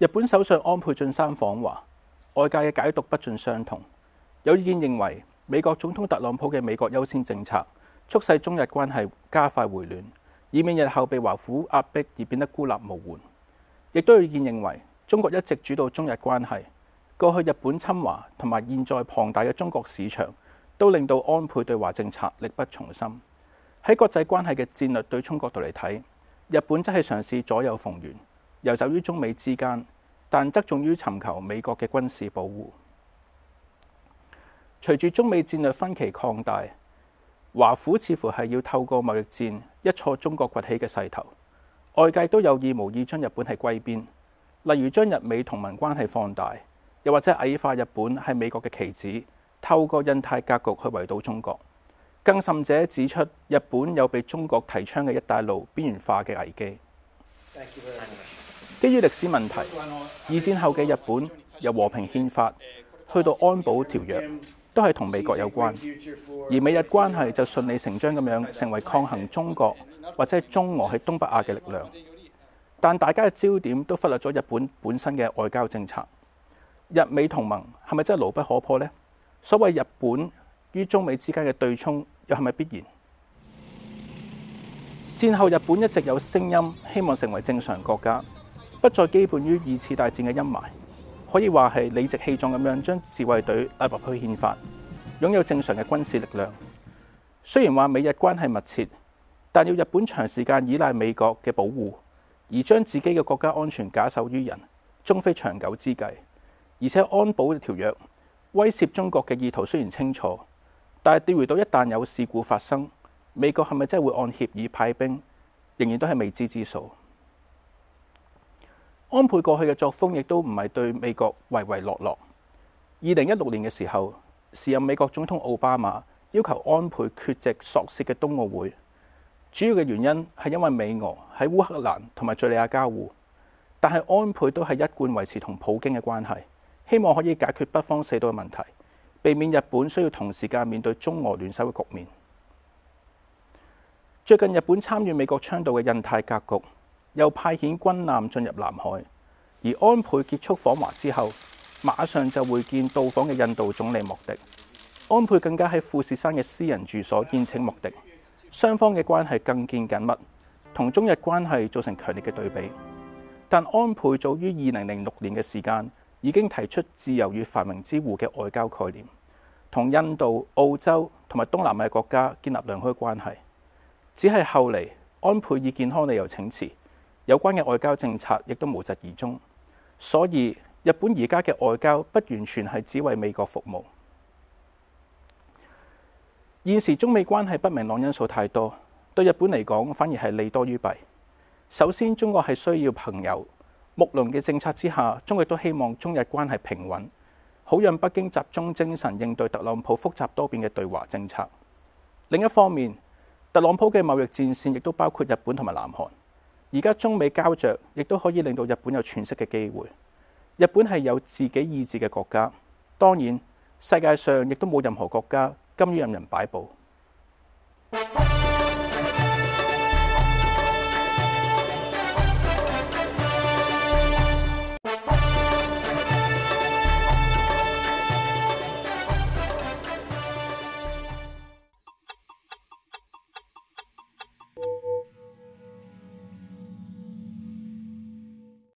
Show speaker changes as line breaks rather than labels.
日本首相安倍晉三訪華，外界嘅解讀不盡相同。有意見認為，美國總統特朗普嘅美國優先政策，促使中日關係加快回暖，以免日後被華府壓迫而變得孤立無援。亦都有意見認為，中國一直主導中日關係，過去日本侵華同埋現在龐大嘅中國市場，都令到安倍對華政策力不從心。喺國際關係嘅戰略對沖角度嚟睇，日本則係嘗試左右逢源，遊走於中美之間。但側重於尋求美國嘅軍事保護。隨住中美戰略分歧擴大，華府似乎係要透過貿易戰一挫中國崛起嘅勢頭。外界都有意無意將日本係歸邊，例如將日美同盟關係放大，又或者矮化日本係美國嘅棋子，透過印太格局去圍堵中國。更甚者指出，日本有被中國提倡嘅一帶路邊緣化嘅危機。基於歷史問題，二戰後嘅日本由和平憲法去到安保條約，都係同美國有關。而美日關係就順理成章咁樣成為抗衡中國或者中俄喺東北亞嘅力量。但大家嘅焦點都忽略咗日本本身嘅外交政策。日美同盟係咪真係牢不可破呢？所謂日本於中美之間嘅對沖又係咪必然？戰後日本一直有聲音希望成為正常國家。不再基本於二次大戰嘅陰霾，可以話係理直氣壯咁樣將自衛隊拉入去憲法，擁有正常嘅軍事力量。雖然話美日關係密切，但要日本長時間依賴美國嘅保護，而將自己嘅國家安全假手於人，終非長久之計。而且安保條約威懾中國嘅意圖雖然清楚，但係釣魚島一旦有事故發生，美國係咪真係會按協議派兵，仍然都係未知之數。安倍過去嘅作風亦都唔係對美國唯唯諾諾。二零一六年嘅時候，時任美國總統奧巴馬要求安倍缺席索契嘅冬奧會，主要嘅原因係因為美俄喺烏克蘭同埋敍利亞交惡。但係安倍都係一貫維持同普京嘅關係，希望可以解決北方四島嘅問題，避免日本需要同時間面對中俄聯手嘅局面。最近日本參與美國倡導嘅印太格局。又派遣軍艦進入南海，而安倍結束訪華之後，馬上就會見到訪嘅印度總理莫迪。安倍更加喺富士山嘅私人住所宴請莫迪，雙方嘅關係更見緊密，同中日關係造成強烈嘅對比。但安倍早於二零零六年嘅時間已經提出自由與繁榮之弧嘅外交概念，同印度、澳洲同埋東南亞國家建立良好嘅關係。只係後嚟安倍以健康理由請辭。有關嘅外交政策亦都無疾而終，所以日本而家嘅外交不完全係只為美國服務。現時中美關係不明朗因素太多，對日本嚟講反而係利多於弊。首先，中國係需要朋友。睦鄰嘅政策之下，中國都希望中日關係平穩，好讓北京集中精神應對特朗普複雜多變嘅對華政策。另一方面，特朗普嘅貿易戰線亦都包括日本同埋南韓。而家中美膠着亦都可以令到日本有喘息嘅機會。日本係有自己意志嘅國家，當然世界上亦都冇任何國家甘於任人擺布。